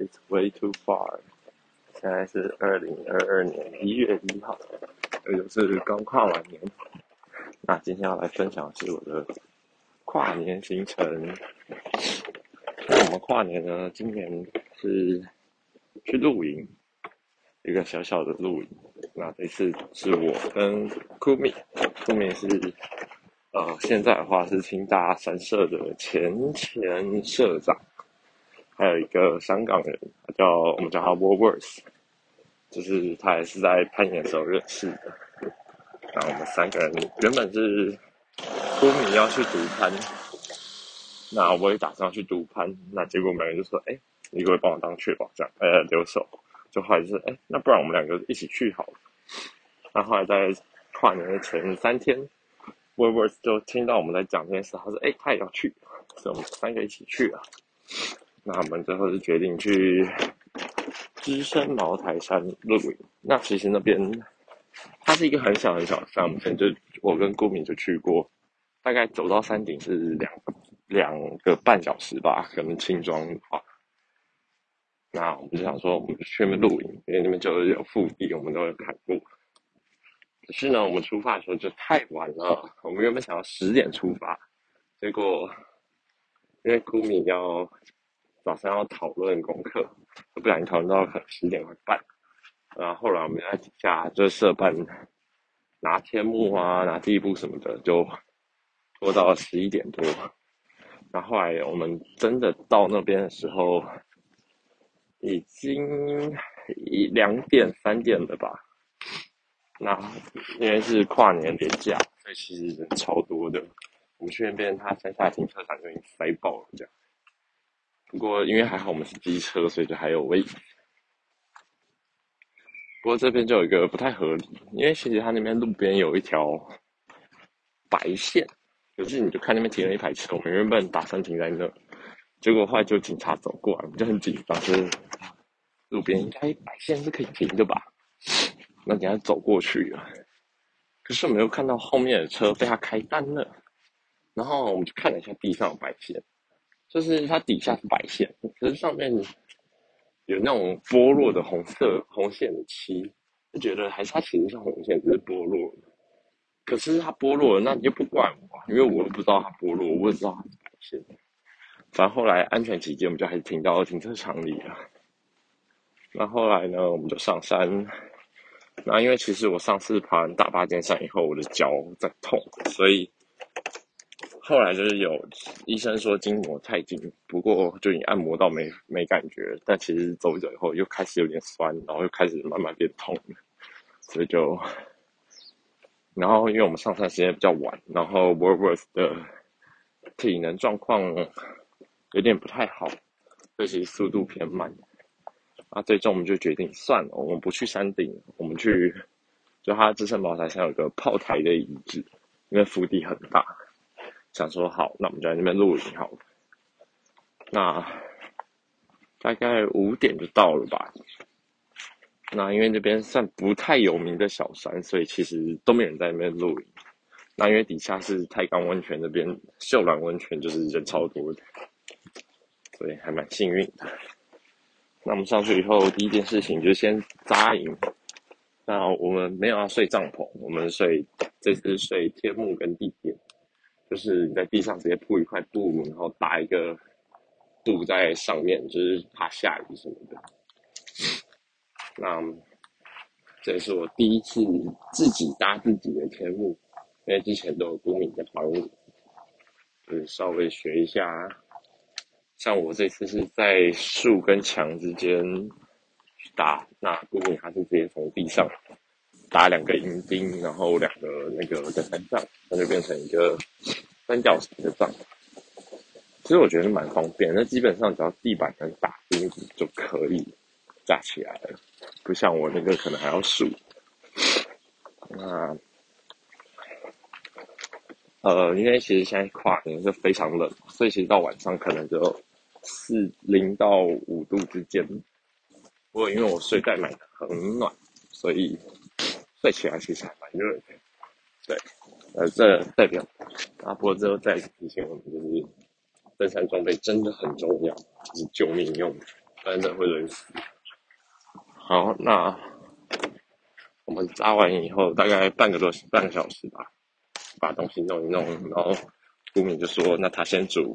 It's way too far. 現在是二零二二年一月一號，也就是剛跨完年。那今天要來分享的是我的跨年行程。那我們跨年呢？今年是去露營，一個小小的露營。那這次是我跟 Kumi，Kumi 是呃，現在的話是清大山社的前前社長。還有一個香港人，他叫我們叫他 War Words，就是他也是在攀岩的時候認識的。那我們三個人原本是都敏要去獨攀，那我也打算要去獨攀，那結果沒人就說：“哎、欸，你可以幫我當確保這樣，呃、欸，留守。”就後來就是：“哎、欸，那不然我們兩個一起去好了。”那後來在跨年的前三天，War Words 就聽到我們在講這件事，他說：“哎、欸，他也要去，所以我們三個一起去啊。”那我們最後就決定去，資深茅台山露營。那其實那邊，它是一個很小很小的山，就我跟顧敏就去過，大概走到山頂是兩兩個半小時吧，可能輕裝的話。那我們就想說，我們去那邊露營，因為那邊就有腹地，我們都有砍木。可是呢，我們出發的時候就太晚了，我們原本想要十點出發，結果因為顧敏要。早上要討論功課，不小心討論到可能十點半。然後後來我們在底下就是設辦拿天幕啊、拿地布什麼的，就拖到十一點多。然後後來我們真的到那邊的時候，已經一兩點三點了吧？那因為是跨年連假，所以其實人超多的。我們去那邊，他山下停車場就已經塞爆了，這樣。不過，因為還好我們是機車，所以就還有位。不過這邊就有一個不太合理，因為其實它那邊路邊有一條白線，就是你就看那邊停了一排車，我們原本打算停在那，結果後來就警察走過來，我們就很緊張，就是路邊應該白線是可以停的吧？那等下走過去了，可是我沒有看到後面的車被他開單了，然後我們就看了一下地上有白線。就是它底下是白線，可是上面有那種剝落的紅色紅線的漆，就覺得還是它其實是紅線，只是剝落了。可是它剝落了，那你就不管我，因為我都不知道它剝落，我不知道它是白線。反正後來安全起見，我們就還是停到了停車場裡了。那後來呢，我們就上山。那因為其實我上次爬完大巴尖山以後，我的腳在痛，所以。後來就是有醫生說筋膜太緊，不過就你按摩到沒沒感覺，但其實走一走以後又開始有點酸，然後又開始慢慢變痛，所以就，然後因為我們上山時間比較晚，然後王博士的體能狀況有點不太好，所以其實速度偏慢。啊，最終我們就決定算了，我們不去山頂，我們去就他自身茅台上有個炮台的遺址，因為腹地很大。想說好，那我們就在那邊露營好了。那大概五點就到了吧。那因為這邊算不太有名的小山，所以其實都沒有人在那邊露營。那因為底下是泰崗溫泉那邊，秀巒溫泉就是人超多的，所以還蠻幸運的。那我們上去以後，第一件事情就先扎營。那我們沒有要睡帳篷，我們睡這次睡天幕跟地墊。就是你在地上直接鋪一塊布，然後搭一個布在上面，就是怕下雨什麼的。嗯、那這也是我第一次自己搭自己的天幕，因為之前都有姑米在幫我。就是稍微學一下，像我這次是在樹跟牆之間打，那姑米它是直接從地上打兩個營釘，然後兩個那個登山杖，它就變成一個。三角形的帳，其實我覺得蠻方便。那基本上只要地板能打釘，就可以紮起來了。不像我那個可能還要豎。那呃，因為其實現在跨年是非常冷，所以其實到晚上可能就四零到五度之間。不過因為我睡袋買的很暖，所以睡起來其實還蠻熱的。對，呃，這代表。紮過之後再提醒我們，就是登山裝備真的很重要，就是救命用的，不然真的會累死。好，那我們扎完以後，大概半個多時，半個小時吧，把東西弄一弄，然後顧敏就說：“那他先煮，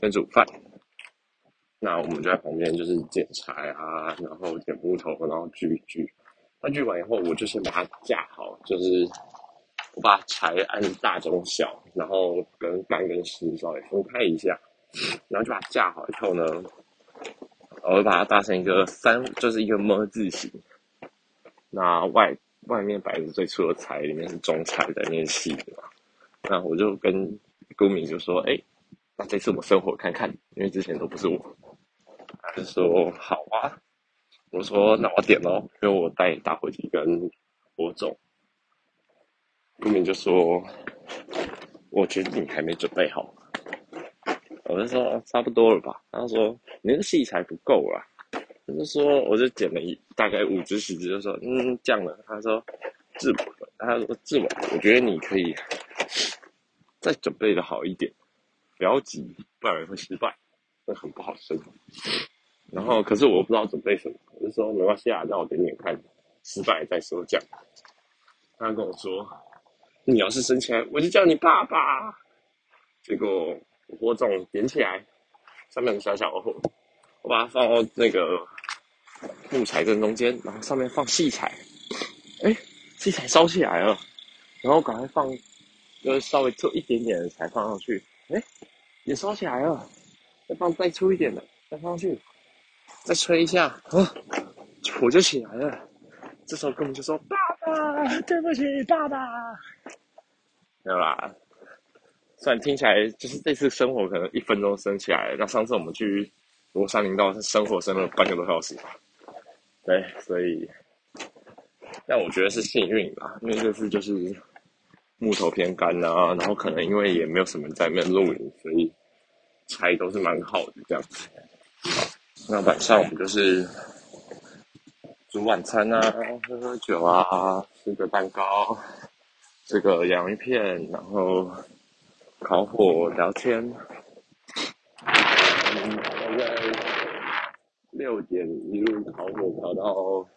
先煮飯。”那我們就在旁邊就是撿柴啊，然後撿木頭，然後鋸一鋸，鋸完以後我就先把它架好，就是。我把柴按大中小，然後跟乾跟濕稍微分開一下，然後就把它架好以後呢，我會把它搭成一個三，就是一個“麼”字形。那外外面擺着最粗的柴，裡面是中柴，那內細的。那我就跟顧明就說：“哎、欸，那這次我生火看看，因為之前都不是我。”他就說：“好啊。”我說：“那我點咯、哦，因為我帶打火機跟火種。”後面就說，我覺得你還沒準備好。我就說差不多了吧。他說你那個器材不夠啦。我就說我就剪了一大概五支十支，就說嗯這樣了。他說自他說自我，我覺得你可以再準備的好一點，不要急，不然會失敗，會很不好受。然後可是我不知道準備什麼，我就說沒關係啊，讓我點點看，失敗再說這樣。他跟我說。你要是生起來，我就叫你爸爸。結果火種點起來，上面有小小的火，我把它放到那個木材正中間，然後上面放細柴。哎、欸，細柴燒起來了，然後趕快放，就是稍微粗一點點的柴放上去，哎、欸，也燒起來了，再放再粗一點的，再放上去，再吹一下，啊，火就起來了。這時候我們就說：“爸爸，對不起，爸爸。”沒有啦，雖然聽起來就是這次生火可能一分鐘生起來，那上次我們去羅山林道是生火生了半個多小時吧？對，所以那我覺得是幸運啦，因為這次就是木頭偏乾啦、啊，然後可能因為也沒有什麼在那露營，所以柴都是蠻好的這樣子。那晚上我們就是。煮晚餐啊，喝喝酒啊，吃個蛋糕，這個洋芋片，然後烤火聊天。我們大概六點一路烤火烤到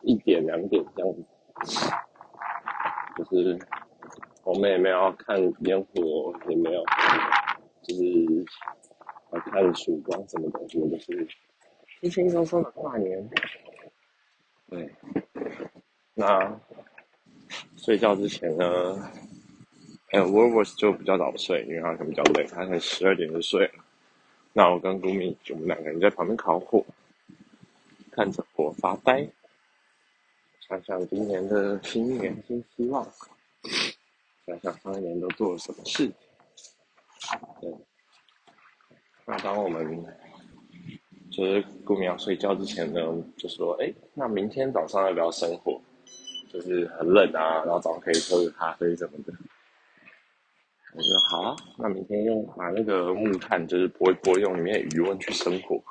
一點兩點這樣子，就是我們也沒有看煙火，也沒有就是要看曙光什麼東西，就是輕輕鬆鬆的跨年。對，那睡覺之前呢，哎我 o 就比較早睡，因為他可能比較累，他才十二點就睡了。嗯、那我跟古米，嗯、我們兩個人在旁邊烤火，看着火發呆，想想今年的新年新希望，想想上一年都做了什麼事情，對，那當我們。就是顧明陽睡覺之前呢，就說：“哎、欸，那明天早上要不要生火？就是很冷啊，然後早上可以喝個咖啡什麼的。”我說：“好啊，那明天用把那個木炭，就是撥一撥，用裡面的余溫去生火。”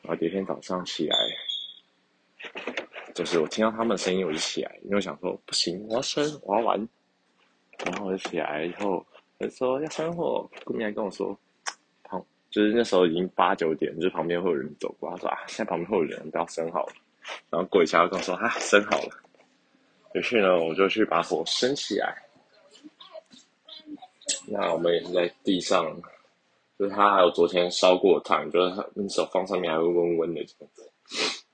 然後第二天早上起來，就是我聽到他們的聲音我就起來，因為我想說不行，我要生，我要玩。然後我就起來以後，然後他就說要生火，顧明陽跟我說。就是那時候已經八九點，就旁邊會有人走過，他說啊，現在旁邊會有人，不要生好了。然後過一下他跟我說啊，生好了。於是呢，我就去把火生起來。那我們也是在地上，就是他還有昨天燒過的炭，就是他那手放上面還會溫溫的這樣子。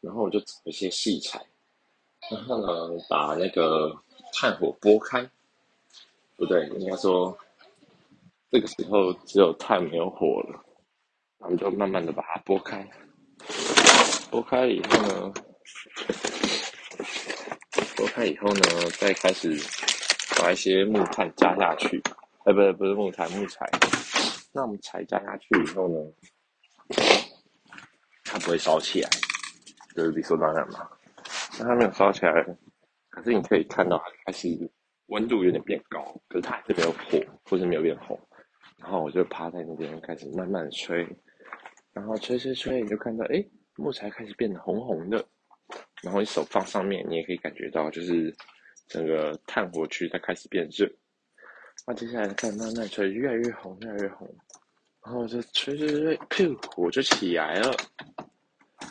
然後我就找一些細柴，然後呢，把那個炭火撥開。不對，應該說，這個時候只有炭沒有火了。我們就慢慢的把它撥開，撥開以後呢，撥開以後呢，再開始把一些木炭加下去，呃、欸，不是不是木炭，木柴。那我們柴加下去以後呢，它不會燒起來，就是理所當然嘛。那它沒有燒起來，可是你可以看到，它是溫度有點變高，可是它還是沒有火，或者沒有變紅。然後我就趴在那邊開始慢慢的吹。然後吹吹吹，你就看到，哎，木材開始變得紅紅的。然後你手放上面，你也可以感覺到，就是整個炭火區它開始變熱。那接下來看到那吹越來越紅，越來越紅。然後就吹吹吹，吹，噗，火就起來了。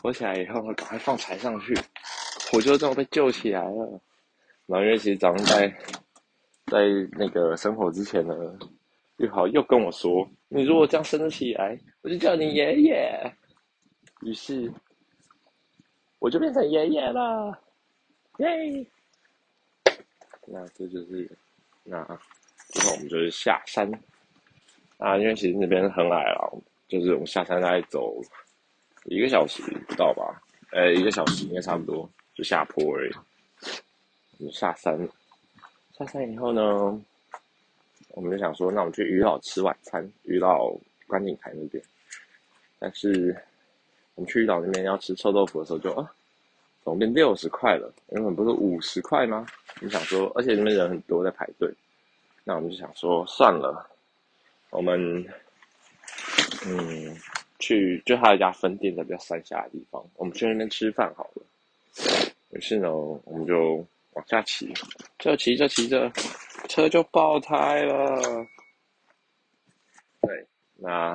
火起來以後，趕快放柴上去，火就這樣被救起來了。然後因為其實咱們在在那個生火之前呢。又好又跟我說：“你如果這樣生得起來，我就叫你爺爺。”於是我就變成爺爺了，耶！那這就是那之後我們就是下山啊，因為其實那邊很矮了，就是我們下山再走一個小時不到吧，誒、欸、一個小時應該差不多，就下坡而已。就下山，下山以後呢？我們就想說，那我們去漁島吃晚餐，漁島觀景台那邊。但是我們去漁島那邊要吃臭豆腐的時候就，就啊，怎麼變六十塊了？原本不是五十塊嗎？我們想說，而且那邊人很多，在排隊。那我們就想說，算了，我們，嗯，去就他一家分店在比較山下的地方，我們去那邊吃飯好了。於是呢，我們就往下騎，就騎着騎着。這這這車就爆胎了。對，那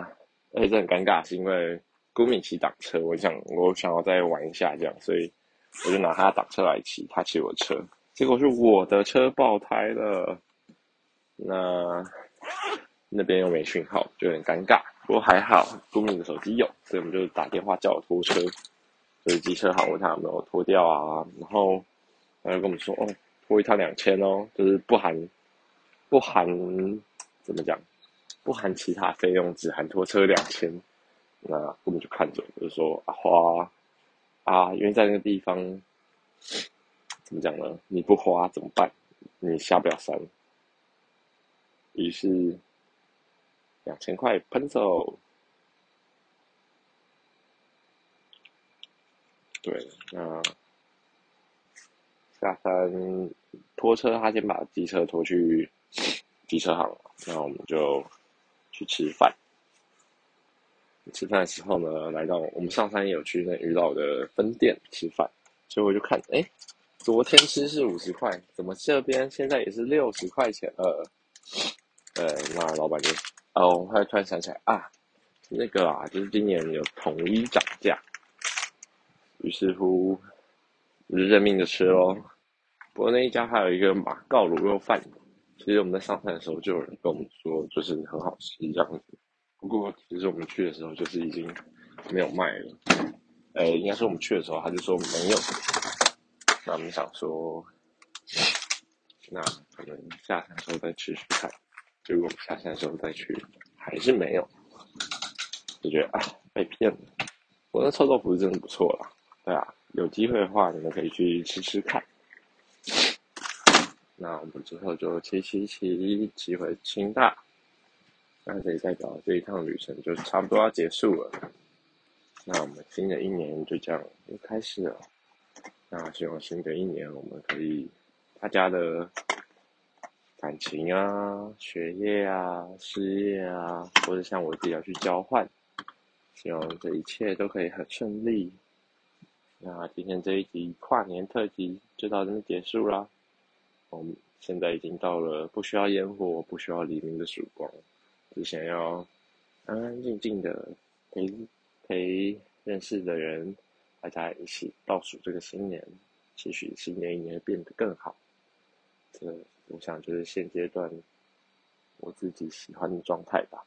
而且這很尷尬，是因為顧敏騎擋車，我想我想要再玩一下這樣，所以我就拿他擋車來騎，他騎我車，結果是我的車爆胎了。那那邊又沒訊號，就很尷尬。不過還好，顧敏的手機有，所以我們就打電話叫我拖車，所以機車行問他有沒有拖吊啊？然後他就跟我們說，哦，拖一趟兩千哦，就是不含。不含，怎麼講？不含其他費用，只含拖車兩千。那我們就看着，就是說啊花啊,啊，因為在那個地方怎麼講呢？你不花、啊、怎麼辦？你下不了山。於是兩千塊噴走。對，那下山拖車，他先把機車拖去。機車行，那我們就去吃飯。吃飯的時候呢，來到我們上山也有去那魚佬的分店吃飯，所以我就看，哎、欸，昨天吃是五十塊，怎麼這邊現在也是六十塊錢？呃，呃，那老闆就，哦，他突然想起來啊，那個啊，就是今年有統一漲價，於是乎，我就認命的吃嘍。不過那一家還有一個馬告滷肉飯。其實我們在上菜的時候就有人跟我們說，就是很好吃這樣子。不過其實我們去的時候就是已經沒有賣了。誒，應該說我們去的時候他就說沒有。那我們想說，那可能下山的時候再吃吃看。結果我們下山的時候再去，還是沒有。就覺得啊，被騙了。我那臭豆腐是真的不錯啦，對啊，有機會的話你們可以去吃吃看。那我們之後就七七騎騎回清大，那這也代表這一趟旅程就差不多要結束了。那我們新的一年就這樣又開始了。那希望新的一年我們可以大家的感情啊、學業啊、事業啊，或者像我自己要去交換，希望這一切都可以很順利。那今天這一集跨年特輯就到這裡結束了。我們現在已經到了，不需要煙火，不需要黎明的曙光，只想要安安靜靜的陪陪認識的人，大家一起倒數這個新年。期許新年一年會變得更好。這我想就是現階段我自己喜歡的狀態吧。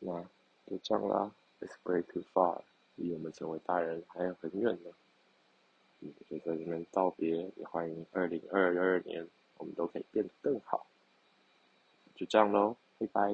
那就這樣啦，it's break too far，離我們成為大人還有很遠呢。就在這邊道別，也歡迎二零二二年，我們都可以變得更好。就這樣嘍，拜拜。